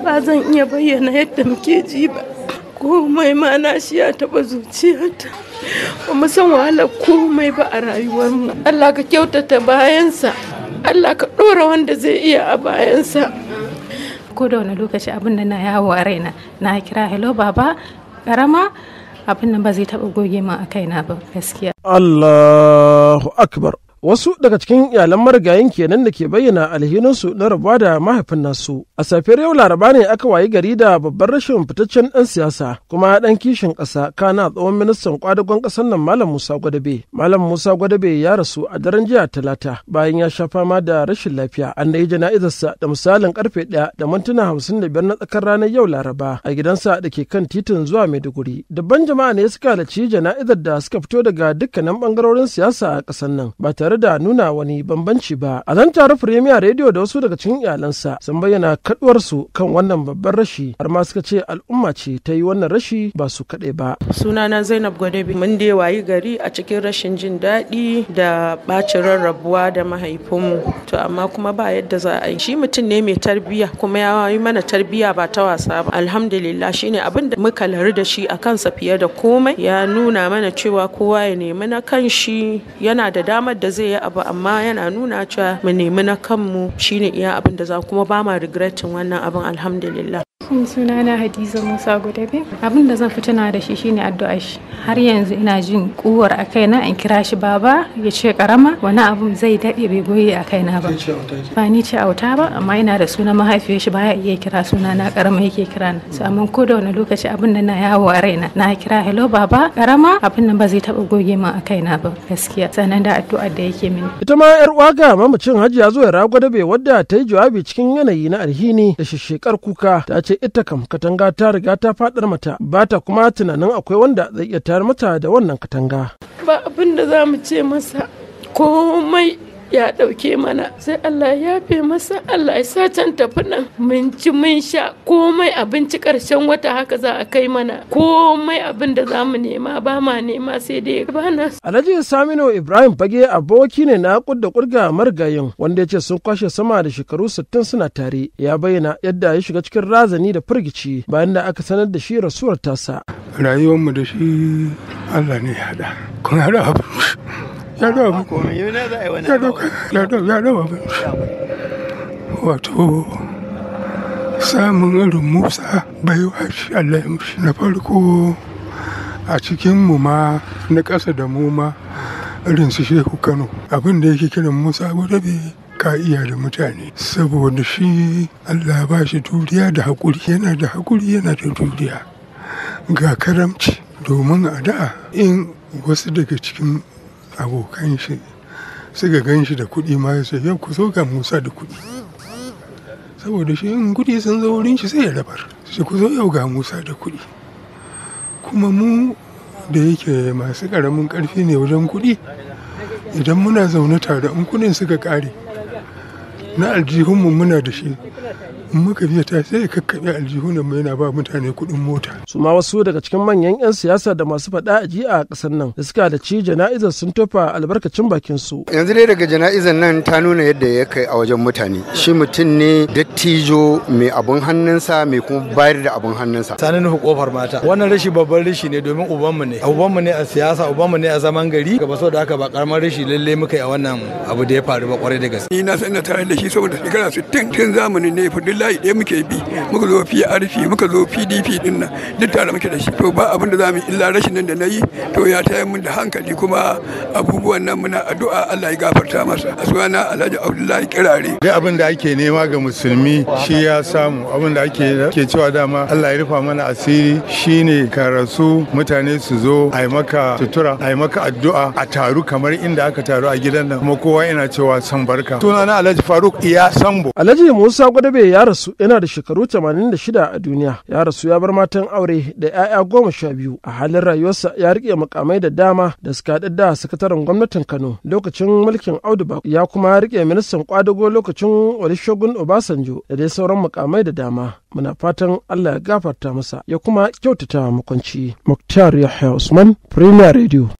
ba zan iya bayyana yadda muke ji ba komai ma na shi ya taɓa zuciyata ba mu san wahalar komai ba a rayuwarmu Allah ka kyautata bayansa Allah ka ɗora wanda zai iya a bayansa ko da wani lokaci abin da na yawo a raina na kira hello baba karama abin nan ba zai taɓa goge ma a kaina ba gaskiya Allahu akbar wasu daga cikin iyalan marigayin kenan da ke bayyana alhininsu na rabuwa da mahaifin nasu a safiyar yau laraba ne aka wayi gari da babban rashin fitaccen ɗan siyasa kuma ɗan kishin ƙasa kana tsohon ministan kwadagon ƙasar nan malam musa gwadabe malam musa gwadabe ya rasu a daren jiya talata bayan ya sha fama da rashin lafiya an da yi jana'izarsa da misalin karfe ɗaya da mintuna hamsin da biyar na tsakar ranar yau laraba a gidansa da ke kan titin zuwa maiduguri dabban jama'a ne suka halarci jana'izar da suka fito daga dukkanin bangarorin siyasa a ƙasar nan ba tare tare da nuna wani bambanci ba a zan taron firemiya rediyo da wasu daga cikin iyalansa sun bayyana su kan wannan babban rashi har ma suka ce al'umma ce ta yi wannan rashi ba su kaɗai ba suna na zainab gwadabi mun dai wayi gari a cikin rashin jin daɗi da ɓacin rarrabuwa da mahaifinmu to amma kuma ba yadda za a yi shi mutum ne mai tarbiyya kuma ya yi mana tarbiyya ba ta wasa ba alhamdulillah shine abin da muka lari da shi a kansa fiye da komai ya nuna mana cewa kowa ya nemi na kan shi yana da damar da zai zai yi abu amma yana nuna cewa mu nemi na kanmu shine iya abin da za kuma ba ma regretin wannan abin alhamdulillah alaikum suna na hadiza musa gudabe abin da zan fituna da shi shine addu'a shi har yanzu ina jin kuwar a kaina in kira shi baba ya ce karama wani abun zai daɗe bai goye a kaina ba ba ni ce auta ba amma ina da suna mahaifiyar shi baya iya kira suna na karama yake kira na su amma ko da wani lokaci abin da na yawo a raina na kira hello baba karama abin nan ba zai taɓa goge min a kaina ba gaskiya sannan da addu'ar da yake mini ita ma yar uwa ga mamacin hajiya zuwa ragwadabe wadda ta yi jawabi cikin yanayi na alhini da shishekar kuka ta ce ita kam katanga ta riga ta faɗar mata ba ta kuma tunanin akwai wanda zai iya tayar mata da wannan katanga. Ba abin da za mu ce masa komai ya ɗauke mana sai Allah ya fi masa Allah ya satan can tafi nan mun ci mun sha komai abinci karshen wata haka za a kai mana komai abin da za mu nema ba ma nema sai dai bana. Alhaji Saminu Ibrahim Fage aboki ne na kudda kurga margayin wanda ya ce sun kwashe sama da shekaru 60 suna tare ya bayyana yadda ya shiga cikin razani da firgici bayan da aka sanar da shi rasuwar tasa. Rayuwarmu da shi Allah ne ya haɗa. Kun haɗa wato samun irin musa baiwa shi Allah shi na farko a cikin mu ma na ƙasa da mu ma irin su shehu kano abin da yake kiran musa gudabe ka iya da mutane saboda shi allah ba shi duriya da haƙuri yana da haƙuri yana da duriya ga karamci domin a da in wasu daga cikin abokan shi suka gan shi da kuɗi ma ya ce yau ku so ga musa da kuɗi saboda shi in kuɗi sun zo wurin shi sai ya rabar shi ku zo yau ga musa da kuɗi kuma mu da yake masu ƙaramin ƙarfi ne wajen kuɗi idan muna zaune tare in kuɗin suka ƙare na aljihunmu muna da shi in sai ka ta sai kakkaɓe aljihunan mu yana ba mutane kuɗin mota. su ma wasu daga cikin manyan 'yan siyasa da masu faɗa a ji a ƙasar nan da suka da ci jana'izar sun tofa albarkacin bakin su. yanzu dai daga jana'izar nan ta nuna yadda ya kai a wajen mutane shi mutum ne dattijo mai abun hannunsa mai kuma bayar da abun hannunsa. sani nufi kofar mata wannan rashi babban rashi ne domin ubanmu ne ubanmu ne a siyasa ubanmu ne a zaman gari ga baso da aka ba karamar rashi lalle muka yi a wannan abu da ya faru ba kwarai da gaske. ni na san na tare da shi saboda shekara tun zamanin ne layi dai muke bi muka zo arfi muka zo PDP din nan duk tare muke da shi to ba abin da za mu illa rashin nan da na yi to ya taya min da hankali kuma abubuwan nan muna addu'a Allah ya gafarta masa a Alhaji Abdullahi Kirare duk abinda ake nema ga musulmi shi ya samu abin ake ke cewa dama Allah ya rufa mana asiri shine ka rasu mutane su zo ai maka tutura ai maka addu'a a taru kamar inda aka taru a gidan nan kuma kowa yana cewa san barka sunana Alhaji Faruk iya sambo Alhaji Musa Gwadabe ya rasu yana da shekaru 86 a duniya ya rasu ya bar matan aure da 'ya'ya goma sha biyu a halin rayuwarsa ya rike mukamai da dama da suka haɗu da sakataren gwamnatin kano lokacin mulkin audu ya kuma rike ministan kwadago lokacin olusegun obasanjo da dai sauran mukamai da dama muna fatan allah ya gafarta masa ya kuma kyautata makwanci muktar yahya usman premier radio